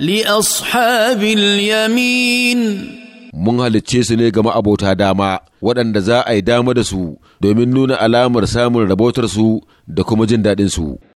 لأصحاب yamin. mun halicce su ne ga abota dama waɗanda za a yi dama da su domin nuna alamar samun rabotarsu da kuma jin daɗinsu.